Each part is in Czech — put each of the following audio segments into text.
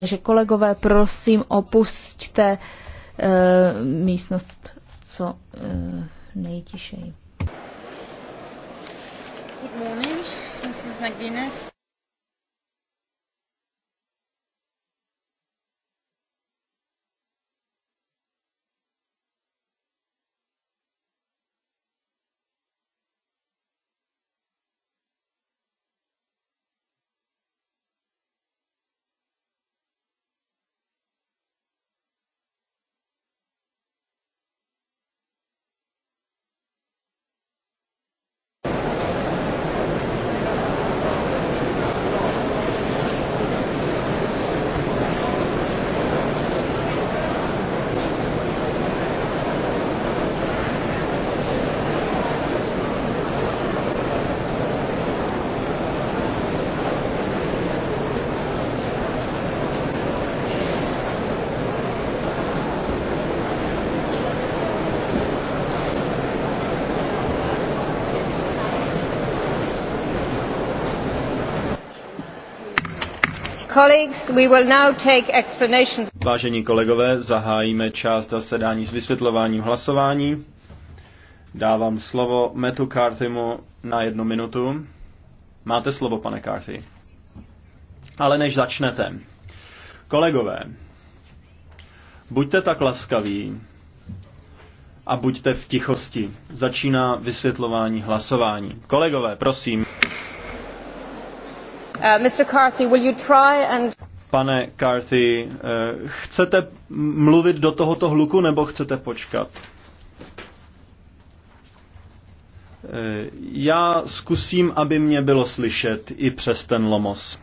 Takže kolegové, prosím, opusťte e, místnost co e, nejtišeji. Good morning. Mrs. McGuinness. Vážení kolegové, zahájíme část zasedání s vysvětlováním hlasování. Dávám slovo Metu Carthymu na jednu minutu. Máte slovo, pane Carthy. Ale než začnete, kolegové, buďte tak laskaví a buďte v tichosti. Začíná vysvětlování hlasování. Kolegové, prosím. Uh, Mr. Carthy, will you try and... Pane Carthy, uh, chcete mluvit do tohoto hluku nebo chcete počkat? Uh, já zkusím, aby mě bylo slyšet i přes ten lomos.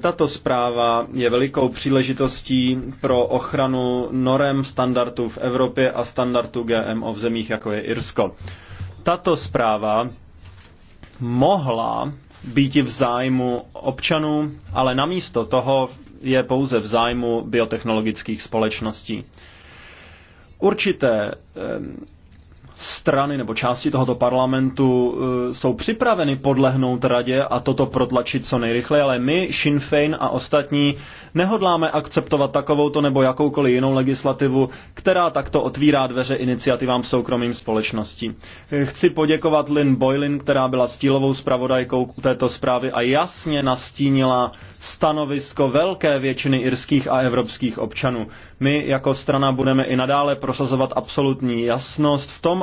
Tato zpráva je velikou příležitostí pro ochranu norem standardů v Evropě a standardů GMO v zemích, jako je Irsko. Tato zpráva mohla býti v zájmu občanů, ale namísto toho je pouze v zájmu biotechnologických společností. Určité strany nebo části tohoto parlamentu eh, jsou připraveny podlehnout radě a toto protlačit co nejrychleji, ale my, Sinn Féin a ostatní, nehodláme akceptovat takovouto nebo jakoukoliv jinou legislativu, která takto otvírá dveře iniciativám v soukromým společnosti. Eh, chci poděkovat Lynn Boylin, která byla stílovou zpravodajkou této zprávy a jasně nastínila stanovisko velké většiny irských a evropských občanů. My jako strana budeme i nadále prosazovat absolutní jasnost v tom,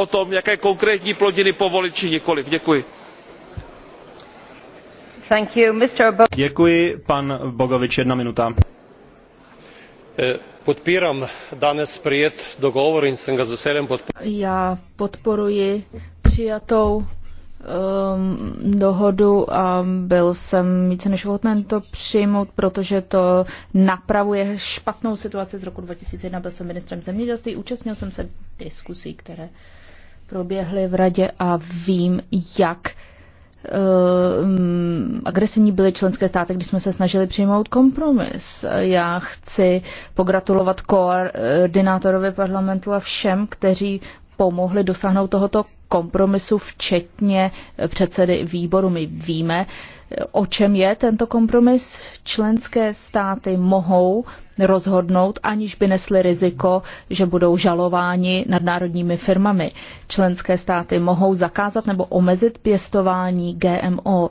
o tom jaké konkrétní plodiny povolit či nikoliv. děkuji. jedna minuta. Eh, Podpírám dnes přijet dohovor. jsem ga s veseljem podpořil. Já podporuji přijatou um, dohodu a byl jsem více než ochoten to přijmout, protože to napravuje špatnou situaci z roku 2001. Byl jsem ministrem zemědělství, účastnil jsem se diskusí, které uh, proběhly v radě a vím, jak eh, agresivní byly členské státy, když jsme se snažili přijmout kompromis. Já chci pogratulovat koordinátorovi parlamentu a všem, kteří pomohli dosáhnout tohoto kompromisu, včetně eh, předsedy výboru. My víme, eh, o čem je tento kompromis. Členské státy mohou rozhodnout, aniž by nesly riziko, že budou žalováni nadnárodními firmami. Členské státy mohou zakázat nebo omezit pěstování GMO.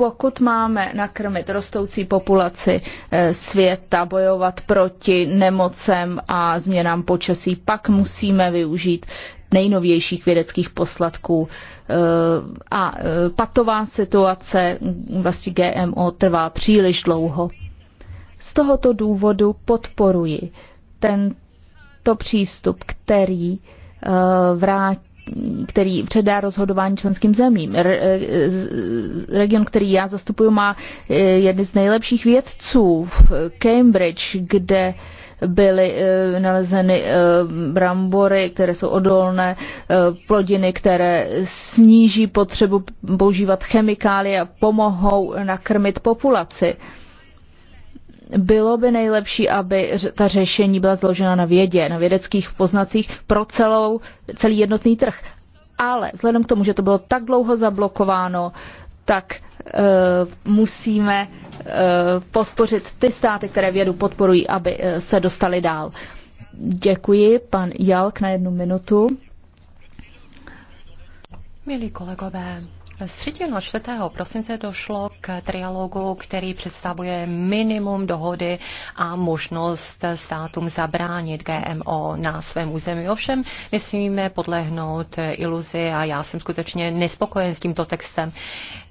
Pokud máme nakrmit rostoucí populaci eh, světa, bojovat proti nemocem a změnám počasí, pak musíme využít nejnovějších vědeckých posladků. Eh, a eh, patová situace vlastně GMO trvá příliš dlouho. Z tohoto důvodu podporuji tento přístup, který vrátí který předá rozhodování členským zemím. Re, eh, region, který já zastupuju, má eh, jedny z nejlepších vědců v Cambridge, kde byly eh, nalezeny brambory, které jsou odolné, plodiny, které sníží potřebu používat chemikálie a pomohou nakrmit populaci bylo by nejlepší, aby ta řešení byla zložena na vědě, na vědeckých poznacích pro celou, celý jednotný trh. Ale vzhledem k tomu, že to bylo tak dlouho zablokováno, tak e, musíme e, podpořit ty státy, které vědu podporují, aby e, se dostali dál. Děkuji, pan Jalk, na jednu minutu. Milí kolegové, z 3. 4. prosince došlo k trialogu, který představuje minimum dohody a možnost státům zabránit GMO na svém území. Ovšem nesmíme podlehnout iluzi a já jsem skutečně nespokojen s tímto textem.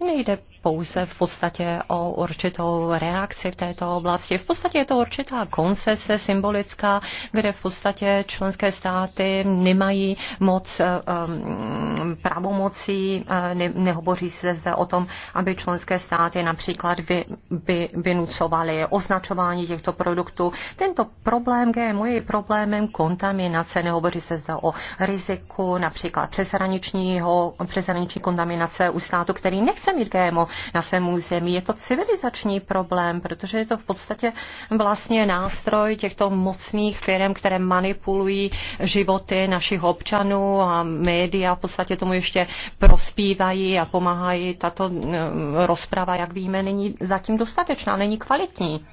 Nejde pouze v podstatě o určitou reakci v této oblasti. V podstatě je to určitá koncese symbolická, kde v podstatě členské státy nemají moc um, pravomocí, eh, ne, nehovoří se zde o tom, aby členské státy například vy, vy, vynucovaly označování těchto produktů. Tento problém GMO je problémem kontaminace, nehovoří se zde o riziku například přeshraničního, přeshraniční kontaminace u státu, který nechce mít GMO na svém území. Je to civilizační problém, protože je to v podstatě vlastně nástroj těchto mocných firm, které manipulují životy našich občanů a média v podstatě tomu ještě prospívají a pomáhají. Tato eh, rozprava, jak víme, není zatím dostatečná, není kvalitní.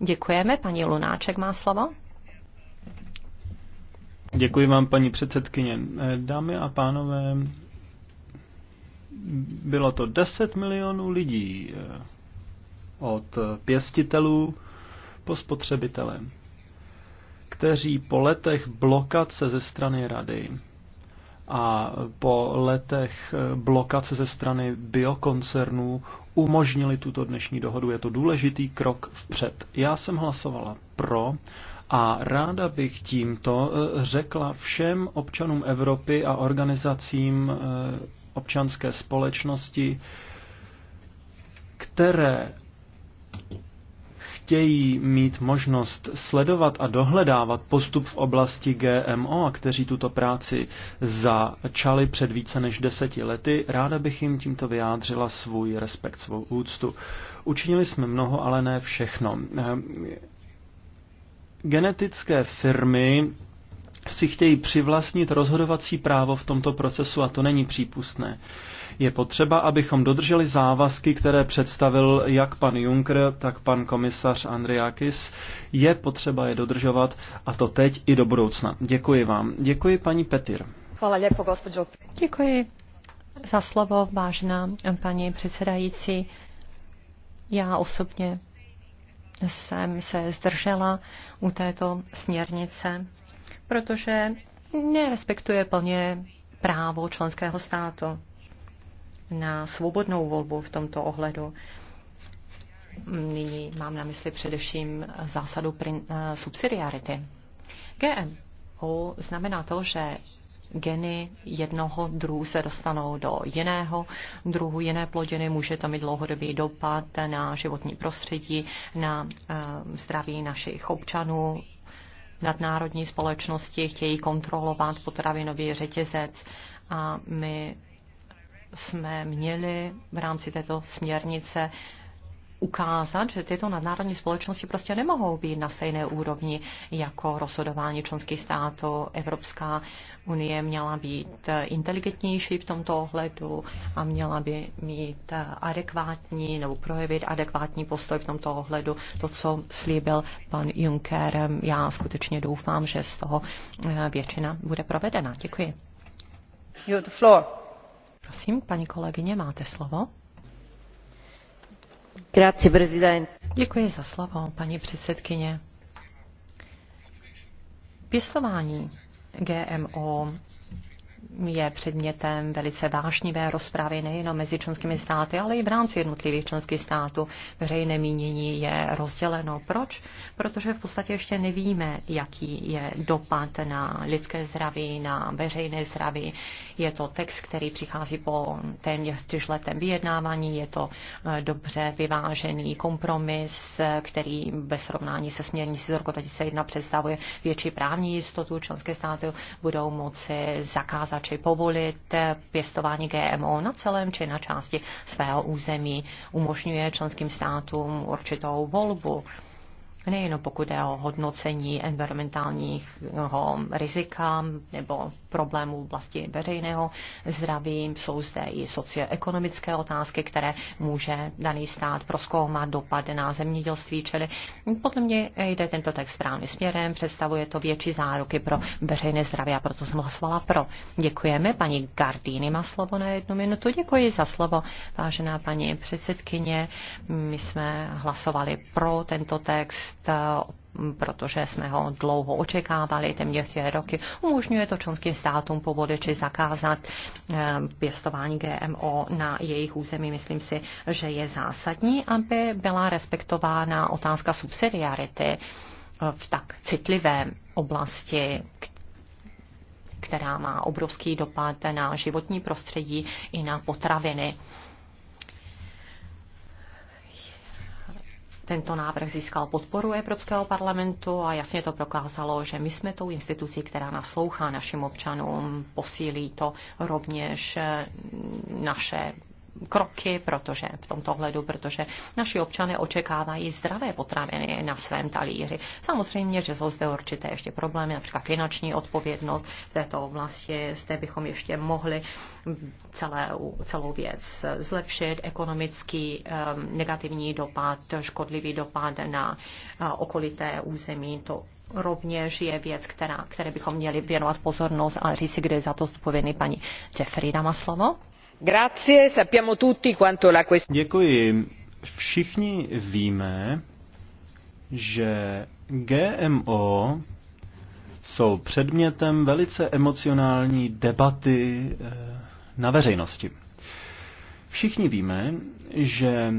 Děkujeme. Paní Lunáček má slovo. Děkuji vám, paní předsedkyně. Eh, dámy a pánové, bylo to 10 milionů lidí eh, od pěstitelů po spotřebitele, kteří po letech blokace ze strany rady a po letech eh, blokace ze strany biokoncernů umožnili tuto dnešní dohodu. Je to důležitý krok vpřed. Já jsem hlasovala pro a ráda bych tímto eh, řekla všem občanům Evropy a organizacím občanské společnosti, které chtějí mít možnost sledovat a dohledávat postup v oblasti GMO a kteří tuto práci začali před více než deseti lety, ráda bych jim tímto vyjádřila svůj respekt, svou úctu. Učinili jsme mnoho, ale ne všechno ehm, genetické firmy si chtějí přivlastnit rozhodovací právo v tomto procesu a to není přípustné. Je potřeba, abychom dodrželi závazky, které představil jak pan Juncker, tak pan komisař Andriakis. Je potřeba je dodržovat a to teď i do budoucna. Děkuji vám. Děkuji paní Petir. Hvala lepo, gospođo. Děkuji za slovo, vážná paní předsedající. Já osobně jsem se zdržela u této směrnice protože nerespektuje plně právo členského státu na svobodnou volbu v tomto ohledu. Nyní mám na mysli především zásadu prin, uh, subsidiarity. GMO znamená to, že geny jednoho druhu se dostanou do jiného druhu, jiné plodiny, může to mít dlouhodobý dopad na životní prostředí, na eh, zdraví našich občanů, nadnárodní společnosti chtějí kontrolovat potravinový řetězec a my jsme měli v rámci této směrnice ukázat, že tyto nadnárodní společnosti prostě nemohou být na stejné úrovni jako rozhodování členských států. Evropská unie měla být inteligentnější v tomto ohledu a měla by mít adekvátní nebo projevit adekvátní postoj v tomto ohledu. To, co slíbil pan Juncker, já skutečně doufám, že z toho eh, většina bude provedena. Děkuji. You the floor. Prosím, paní kolegyně, máte slovo. Děkuji za slovo, paní předsedkyně. Pěstování GMO je předmětem velice vášnivé rozpravy nejenom mezi členskými státy, ale i v rámci jednotlivých členských států. Veřejné mínění je rozděleno. Proč? Protože v podstatě ještě nevíme, jaký je dopad na lidské zdraví, na veřejné zdraví. Je to text, který přichází po téměř čtyřletém vyjednávání, je to eh, dobře vyvážený kompromis, který ve srovnání se směrnicí z roku 2001 představuje větší právní jistotu. Členské státy budou moci zakázat zakázat povolit pěstování GMO na celém či na části svého území. Umožňuje členským státům určitou volbu nejenom pokud je o hodnocení environmentálního rizika nebo problémů v oblasti veřejného zdraví, jsou zde i socioekonomické otázky, které může daný stát proskoumat dopad na zemědělství, čili podle mě jde tento text správným směrem, představuje to větší záruky pro veřejné zdraví a proto jsem hlasovala pro. Děkujeme. Paní Gardýny má slovo na jednu minutu. Děkuji za slovo, vážená paní předsedkyně. My jsme hlasovali pro tento text text, protože jsme ho dlouho očekávali, téměř dvě roky. Umožňuje to členským státům povodeči zakázat eh, pěstování GMO na jejich území. Myslím si, že je zásadní, aby byla respektována otázka subsidiarity eh, v tak citlivé oblasti, která má obrovský dopad na životní prostředí i na potraviny. Tento návrh získal podporu Evropského parlamentu a jasně to prokázalo, že my jsme tou institucí, která naslouchá našim občanům, posílí to rovněž naše kroky, protože v tomto ohledu, protože naši občané očekávají zdravé potraviny na svém talíři. Samozřejmě, že jsou zde určité ještě problémy, například finanční odpovědnost v této oblasti, zde bychom ještě mohli celé, celou věc zlepšit, ekonomický ehm, negativní dopad, škodlivý dopad na eh, okolité území, to rovněž je věc, která, které bychom měli věnovat pozornost a říct si, kde je za to zodpovědný paní Jeffrey. Damaslovo. Všichni víme, že GMO jsou předmětem velice emocionální debaty eh, na veřejnosti. Všichni víme, že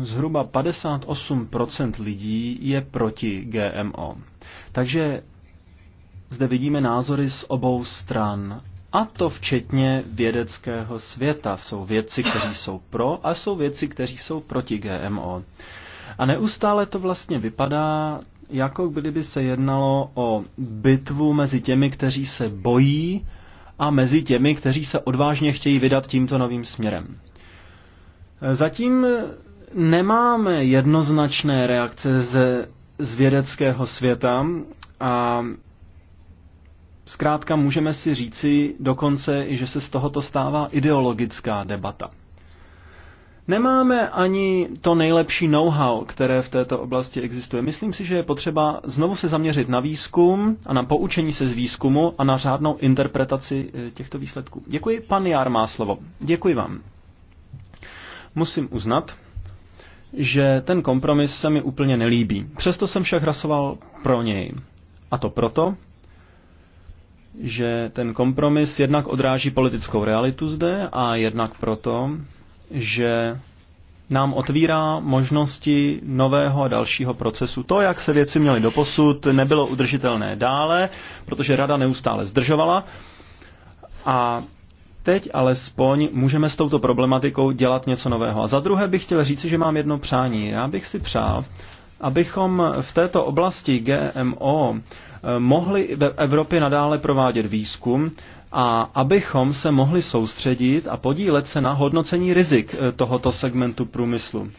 zhruba 58% lidí je proti GMO. Takže zde vidíme názory z obou stran a to včetně vědeckého světa. Jsou věci, kteří jsou pro a jsou věci, kteří jsou proti GMO. A neustále to vlastně vypadá, jako kdyby se jednalo o bitvu mezi těmi, kteří se bojí a mezi těmi, kteří se odvážně chtějí vydat tímto novým směrem. Zatím nemáme jednoznačné reakce ze, z vědeckého světa a Zkrátka můžeme si říci dokonce, že se z tohoto stává ideologická debata. Nemáme ani to nejlepší know-how, které v této oblasti existuje. Myslím si, že je potřeba znovu se zaměřit na výzkum a na poučení se z výzkumu a na řádnou interpretaci eh, těchto výsledků. Děkuji, pan Jár má slovo. Děkuji vám. Musím uznat, že ten kompromis se mi úplně nelíbí. Přesto jsem však hlasoval pro něj. A to proto, že ten kompromis jednak odráží politickou realitu zde a jednak proto, že nám otvírá možnosti nového a dalšího procesu. To, jak se věci měly doposud, nebylo udržitelné dále, protože rada neustále zdržovala. A teď alespoň můžeme s touto problematikou dělat něco nového. A za druhé bych chtěl říci, že mám jedno přání. Já bych si přál, abychom v této oblasti GMO mohli v Evropě nadále provádět výzkum a abychom se mohli soustředit a podílet se na hodnocení rizik eh, tohoto segmentu průmyslu.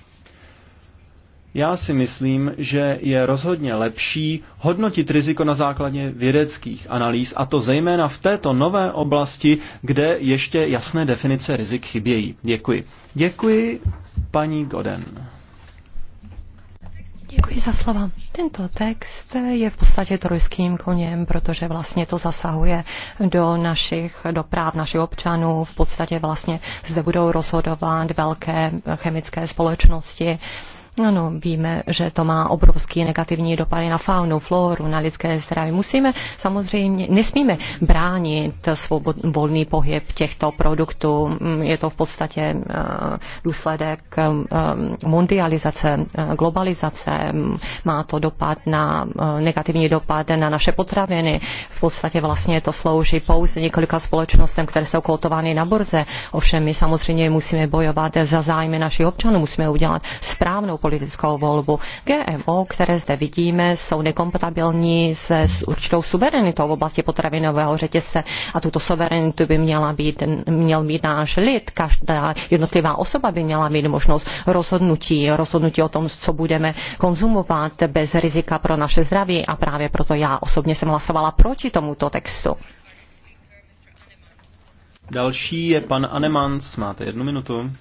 Já si myslím, že je rozhodně lepší hodnotit riziko na základě vědeckých analýz, a to zejména v této nové oblasti, kde ještě jasné definice rizik chybějí. Děkuji. Děkuji, paní Goden. Děkuji za slova. Tento text je v podstatě trojským koněm, protože vlastně to zasahuje do našich, do práv našich občanů. V podstatě vlastně zde budou rozhodovat velké chemické společnosti, ano, víme, že to má obrovský negativní dopady na faunu, floru, na lidské zdraví. Musíme samozřejmě, nesmíme bránit svobod, volný pohyb těchto produktů. Mm, je to v podstatě eh, důsledek eh, mundializace, eh, globalizace. Mm, má to dopad na negativní dopad na naše potraviny. V podstatě vlastně to slouží pouze několika společnostem, které jsou kotovány na burze. Ovšem my samozřejmě musíme bojovat za zájmy našich občanů, musíme udělat správnou politickou volbu. GMO, které zde vidíme, jsou nekompatibilní se s určitou suverenitou v oblasti potravinového řetězce a tuto suverenitu by měla být, měl mít náš lid. Každá jednotlivá osoba by měla mít možnost rozhodnutí, rozhodnutí o tom, co budeme konzumovat bez rizika pro naše zdraví a právě proto já osobně jsem hlasovala proti tomuto textu. Další je pan Anemans, máte jednu minutu.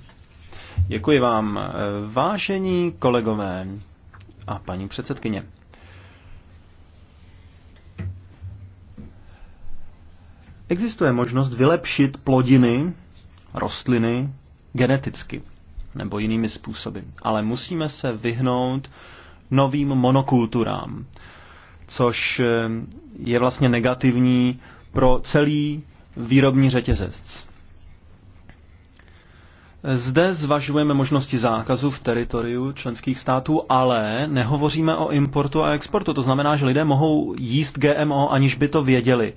Děkuji vám, eh, vážení kolegové a paní předsedkyně. Existuje možnost vylepšit plodiny, rostliny geneticky nebo jinými způsoby, ale musíme se vyhnout novým monokulturám, což eh, je vlastně negativní pro celý výrobní řetězec. Zde zvažujeme možnosti zákazu v teritoriu členských států, ale nehovoříme o importu a exportu. To znamená, že lidé mohou jíst GMO, aniž by to věděli.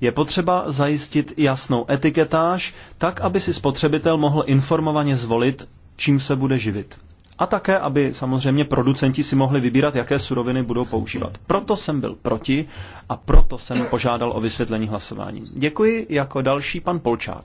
Je potřeba zajistit jasnou etiketáž, tak aby si spotřebitel mohl informovaně zvolit, čím se bude živit. A také, aby samozřejmě producenti si mohli vybírat, jaké suroviny budou používat. Proto jsem byl proti a proto jsem požádal o vysvětlení hlasování. Děkuji jako další pan Polčák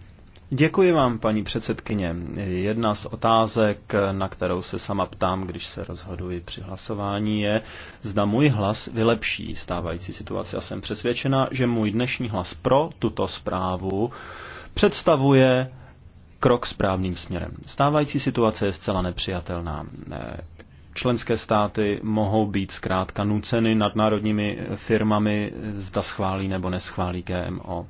Děkuji vám, paní předsedkyně. Jedna z otázek, na kterou se sama ptám, když se rozhoduji při hlasování, je, zda můj hlas vylepší stávající situaci. Já jsem přesvědčena, že můj dnešní hlas pro tuto zprávu představuje krok správným směrem. Stávající situace je zcela nepřijatelná členské státy mohou být zkrátka nuceny nadnárodními firmami, zda schválí nebo neschválí GMO.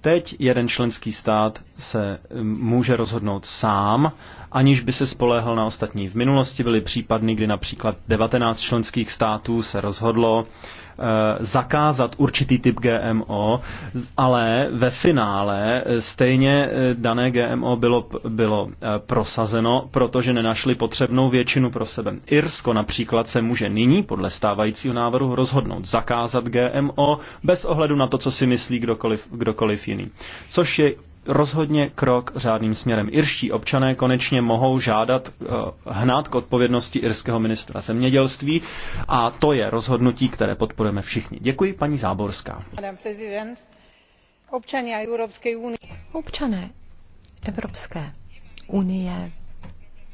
Teď jeden členský stát se může rozhodnout sám aniž by se spoléhal na ostatní. V minulosti byly případny, kdy například 19 členských států se rozhodlo eh, zakázat určitý typ GMO, ale ve finále eh, stejně eh, dané GMO bylo, bylo prosazeno, protože nenašli potřebnou většinu pro sebe. Irsko například se může nyní podle stávajícího návrhu rozhodnout zakázat GMO bez ohledu na to, co si myslí kdokoliv, kdokoliv jiný. Což je rozhodně krok řádným směrem. Irští občané konečně mohou žádat eh, hnát k odpovědnosti irského ministra zemědělství a to je rozhodnutí, které podporujeme všichni. Děkuji, paní Záborská. Občané Evropské unie. Občané Evropské unie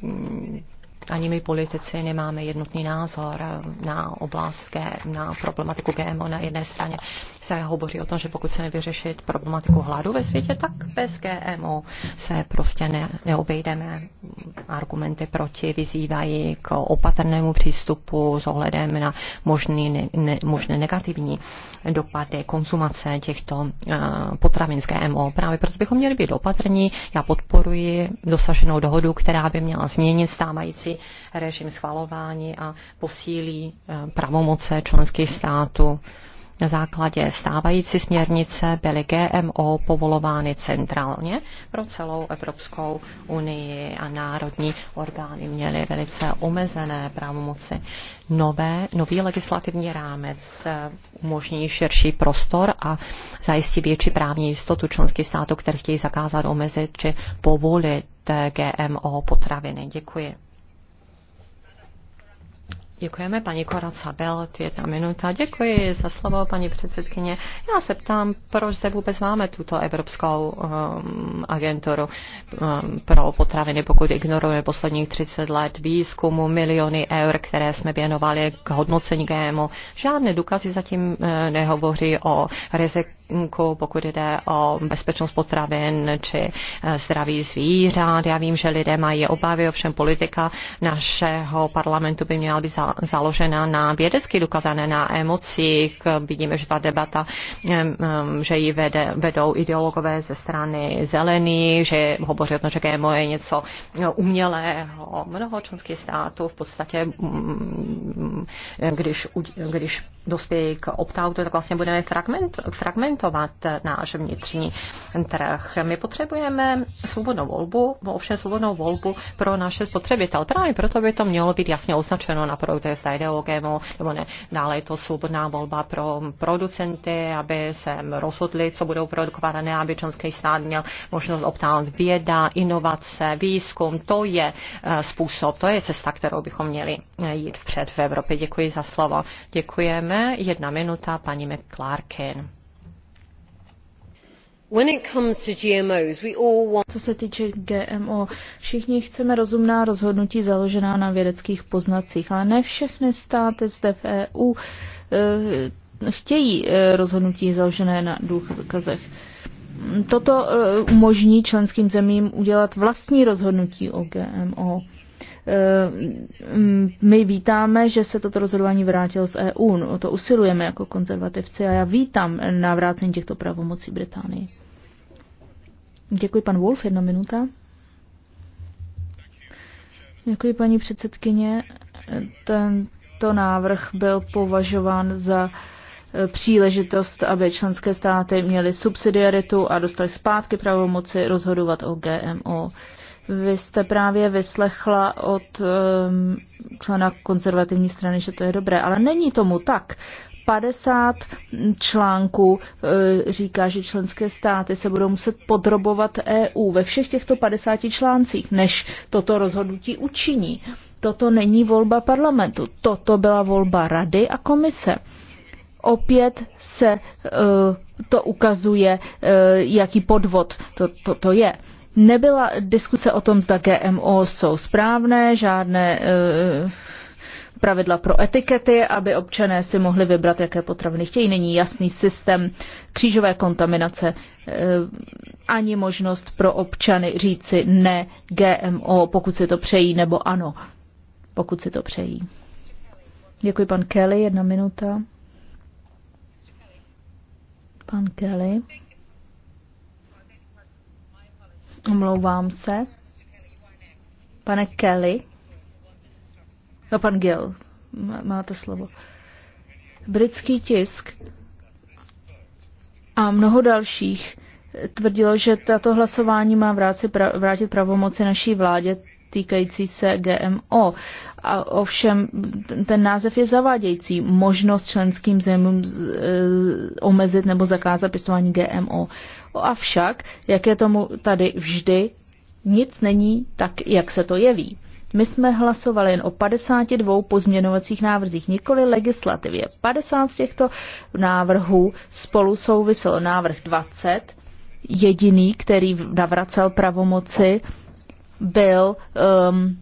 mm, ani my politici nemáme jednotný názor na oblast, na problematiku GMO. Na jedné straně se hovoří o tom, že pokud chceme vyřešit problematiku hladu ve světě, tak bez GMO se prostě ne, neobejdeme. Argumenty proti vyzývají k opatrnému přístupu s ohledem na možný, ne, možné negativní uh, dopady konzumace těchto eh, potravin z GMO. Právě proto bychom měli být opatrní. Já podporuji dosaženou dohodu, která by měla změnit stávající režim schvalování a posílí eh, pravomoce členských států na základě stávající směrnice byly GMO povolovány centrálně pro celou Evropskou unii a národní orgány měly velice omezené pravomoci. Nové, nový legislativní rámec eh, umožní širší prostor a zajistí větší právní jistotu členských států, které chtějí zakázat, omezit či povolit eh, GMO potraviny. Děkuji. Děkujeme, paní Koraca Belt, jedna minuta. Děkuji za slovo, paní předsedkyně. Já se ptám, proč zde vůbec máme tuto Evropskou um, agenturu um, pro potraviny, pokud ignorujeme posledních 30 let výzkumu, miliony eur, které jsme věnovali k hodnocení GMO. Žádné důkazy zatím uh, nehovoří o riziku pokud jde o bezpečnost potravin či eh, zdraví zvířat. Já vím, že lidé mají obavy, ovšem politika našeho parlamentu by měla být byla založena na vědecky dokazané na emocích. Vidíme, že ta debata, že ji vede, vedou ideologové ze strany zelený, že hovoří o tom, že GMO je něco umělého. Mnoho členských států v podstatě, když, když dospějí k optautu, tak vlastně budeme fragment, fragmentovat náš vnitřní trh. My potřebujeme svobodnou volbu, ovšem svobodnou volbu pro naše spotřebitel. Právě proto by to mělo být jasně označeno na produkt diskutuje, zda jde o GMO nebo ne. Dále je to svobodná volba pro producenty, aby se rozhodli, co budou produkovat a ne, aby členský stát měl možnost optát věda, inovace, výzkum. To je eh, způsob, to je cesta, kterou bychom měli eh, jít vpřed v Evropě. Děkuji za slovo. Děkujeme. Jedna minuta, paní McClarkin. Co se týče GMO, všichni chceme rozumná rozhodnutí založená na vědeckých poznacích, ale ne všechny státy zde v EU eh, chtějí eh, rozhodnutí založené na důkazech. Toto eh, umožní členským zemím udělat vlastní rozhodnutí o GMO. Mm, my vítáme, že se toto rozhodování vrátilo z EU. No, to usilujeme jako konzervativci a já vítám navrácení těchto pravomocí Británii. Děkuji, pan Wolf, jedna minuta. Děkuji, paní předsedkyně. Tento návrh byl považován za eh, příležitost, aby členské státy měly subsidiaritu a dostaly zpátky pravomoci rozhodovat o GMO. Vy jste právě vyslechla od um, člena konzervativní strany, že to je dobré, ale není tomu tak. 50 článků eh, říká, že členské státy se budou muset podrobovat EU ve všech těchto 50 článcích, než toto rozhodnutí učiní. Toto není volba parlamentu, toto byla volba rady a komise. Opět se eh, to ukazuje, eh, jaký podvod to, to, to je. Nebyla diskuse o tom, zda GMO jsou správné, žádné eh, pravidla pro etikety, aby občané si mohli vybrat, jaké potraviny chtějí. Není jasný systém křížové kontaminace, eh, ani možnost pro občany říci ne GMO, pokud si to přejí, nebo ano, pokud si to přejí. Děkuji, pan Kelly, jedna minuta. Pan Kelly. Omlouvám se. Pane Kelly. No, pan Gill. Máte slovo. Britský tisk a mnoho dalších tvrdilo, že tato hlasování má vrátit pravomoci naší vládě týkající se GMO. A ovšem ten název je zavádějící. Možnost členským zemím e, omezit nebo zakázat pěstování GMO. Avšak, jak je tomu tady vždy, nic není tak, jak se to jeví. My jsme hlasovali jen o 52 pozměňovacích návrzích, nikoli legislativě. 50 z těchto návrhů spolu souvisel návrh 20, jediný, který navracel pravomoci, byl um,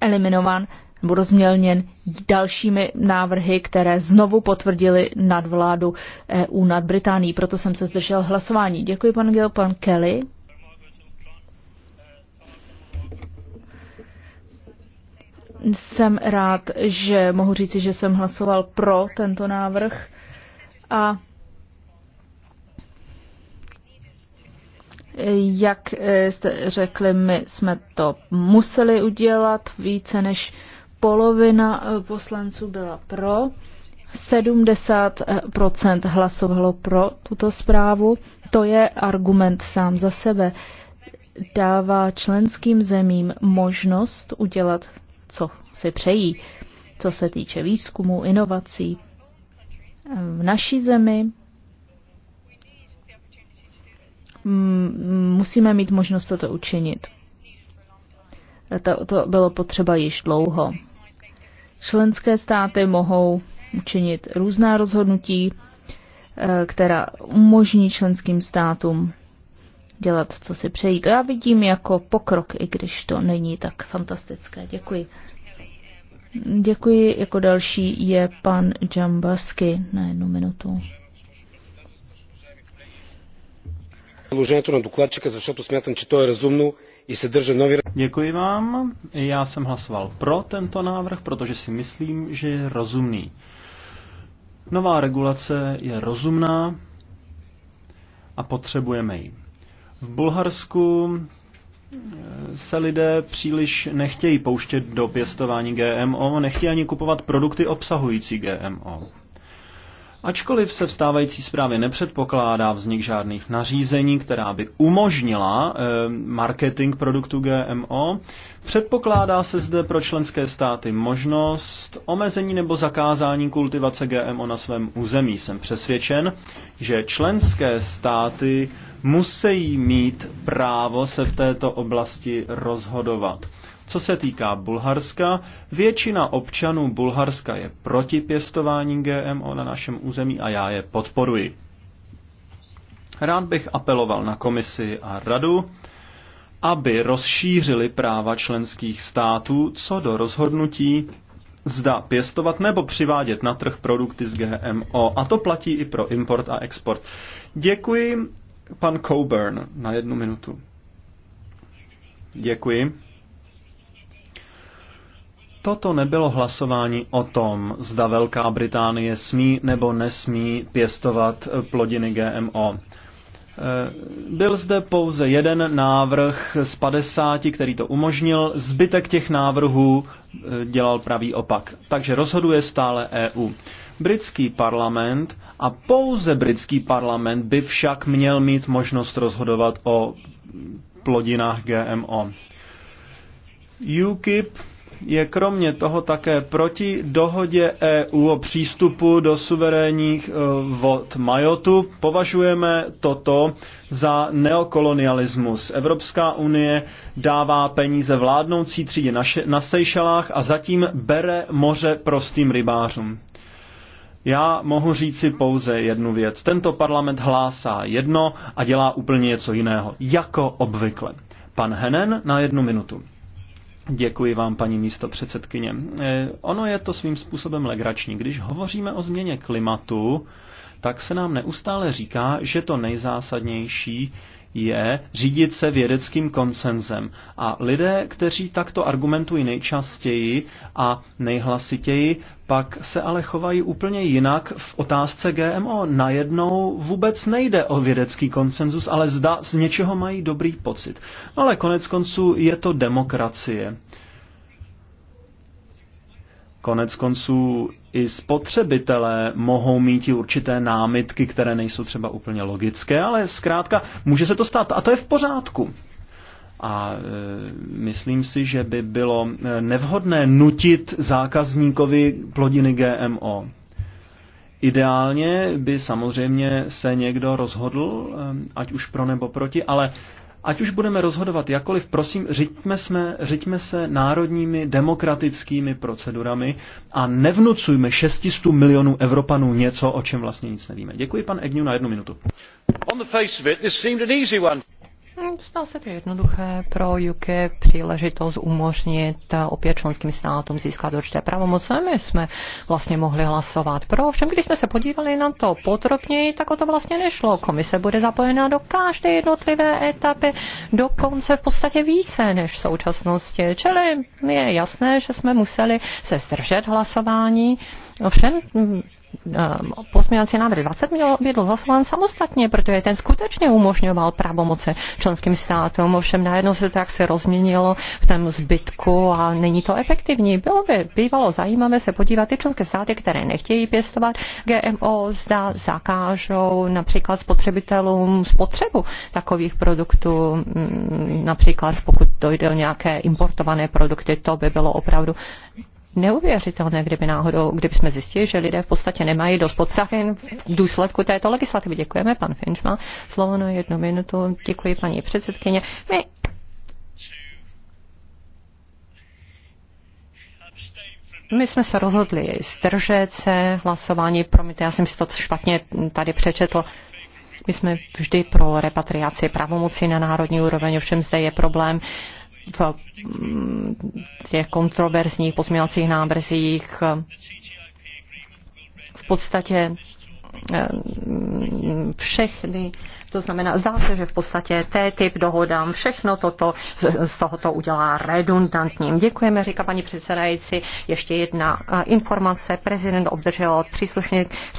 eliminován nebo rozmělněn dalšími návrhy, které znovu potvrdili nadvládu EU nad Británií. Proto jsem se zdržel hlasování. Děkuji, pan Gil, pan Kelly. Jsem rád, že mohu říci, že jsem hlasoval pro tento návrh a Jak eh, jste řekli, my jsme to museli udělat více než polovina eh, poslanců byla pro, 70% eh, hlasovalo pro tuto zprávu. To je argument sám za sebe. Dává členským zemím možnost udělat, co si přejí, co se týče výzkumu, inovací. V naší zemi musíme mít možnost toto učinit. To, to bylo potřeba již dlouho. Členské státy mohou učinit různá rozhodnutí, eh, která umožní členským státům dělat, co si přejí. To já vidím jako pokrok, i když to není tak fantastické. Děkuji. Děkuji. Jako další je pan Jambasky na jednu minutu. Предложението на докладчика, защото смятам, че то е разумно i se drží nový... Děkuji vám. Já jsem hlasoval pro tento návrh, protože si myslím, že je rozumný. Nová regulace je rozumná a potřebujeme ji. V Bulharsku eh, se lidé příliš nechtějí pouštět do pěstování GMO, nechtějí ani kupovat produkty obsahující GMO. Ačkoliv se vstávající stávající zprávě nepředpokládá vznik žádných nařízení, která by umožnila eh, marketing produktu GMO, předpokládá se zde pro členské státy možnost omezení nebo zakázání kultivace GMO na svém území. Jsem přesvědčen, že členské státy musí mít právo se v této oblasti rozhodovat. Co se týká Bulharska, většina občanů Bulharska je proti pěstování GMO na našem území a já je podporuji. Rád bych apeloval na komisi a radu, aby rozšířili práva členských států co do rozhodnutí, zda pěstovat nebo přivádět na trh produkty z GMO. A to platí i pro import a export. Děkuji, pan Coburn, na jednu minutu. Děkuji. Toto nebylo hlasování o tom, zda Velká Británie smí nebo nesmí pěstovat eh, plodiny GMO. Eh, byl zde pouze jeden návrh z 50, který to umožnil, zbytek těch návrhů eh, dělal pravý opak. Takže rozhoduje stále EU. Britský parlament a pouze britský parlament by však měl mít možnost rozhodovat o plodinách GMO. UKIP je kromě toho také proti dohodě EU o přístupu do suverénních e, vod Majotu. Považujeme toto za neokolonialismus. Evropská unie dává peníze vládnoucí třídě na Sejšelách a zatím bere moře prostým rybářům. Já mohu říci pouze jednu věc. Tento parlament hlásá jedno a dělá úplně něco jiného. Jako obvykle. Pan Henen na jednu minutu. Děkuji vám, paní místo předsedkyně. Eh, ono je to svým způsobem legrační. Když hovoříme o změně klimatu, tak se nám neustále říká, že to nejzásadnější je řídit se vědeckým konsenzem. A lidé, kteří takto argumentují nejčastěji a nejhlasitěji, pak se ale chovají úplně jinak v otázce GMO. Najednou vůbec nejde o vědecký konsenzus, ale zda z něčeho mají dobrý pocit. No ale konec konců je to demokracie. Konec konců i spotřebitelé mohou mít i určité námitky, které nejsou třeba úplně logické, ale zkrátka může se to stát a to je v pořádku. A e, myslím si, že by bylo e, nevhodné nutit zákazníkovi plodiny GMO. Ideálně by samozřejmě se někdo rozhodl, e, ať už pro nebo proti, ale Ať už budeme rozhodovat jakoliv, prosím, řiďme, jsme, řiďme se národními demokratickými procedurami a nevnucujme 600 milionů Evropanů něco, o čem vlastně nic nevíme. Děkuji, pan Egnu, na jednu minutu. Hm, zdá se to jednoduché pro UK příležitost umožnit eh, opět členským státům získat určité pravomoce. My jsme vlastně mohli hlasovat pro. Všem, když jsme se podívali na to podrobněji, tak o to vlastně nešlo. Komise bude zapojená do každé jednotlivé etapy, dokonce v podstatě více než v současnosti. Čili je jasné, že jsme museli se zdržet hlasování. Ovšem, hm, Ehm, pozměňovací návrh 20 měl být hlasován samostatně, protože ten skutečně umožňoval pravomoce členským státům, ovšem najednou se tak se rozměnilo v tom zbytku a není to efektivní. Bylo by bývalo zajímavé se podívat ty členské státy, které nechtějí pěstovat GMO, zda zakážou například spotřebitelům spotřebu takových produktů, mm, například pokud dojde o nějaké importované produkty, to by bylo opravdu neuvěřitelné, kdyby náhodou, kdyby jsme zjistili, že lidé v podstatě nemají dost potravin v důsledku této legislativy. Děkujeme, pan Finch má slovo na jednu minutu. Děkuji, paní předsedkyně. My My jsme se rozhodli zdržet se hlasování. Promiňte, já jsem si to špatně tady přečetl. My jsme vždy pro repatriaci pravomocí na národní úroveň, ovšem zde je problém v těch kontroverzních pozměňovacích návrzích. V podstatě eh, všechny, to znamená, zdá se, že v podstatě té typ dohodám, všechno toto z tohoto udělá redundantním. Děkujeme, říká paní předsedající. Ještě jedna eh, informace. Prezident obdržel od příslušných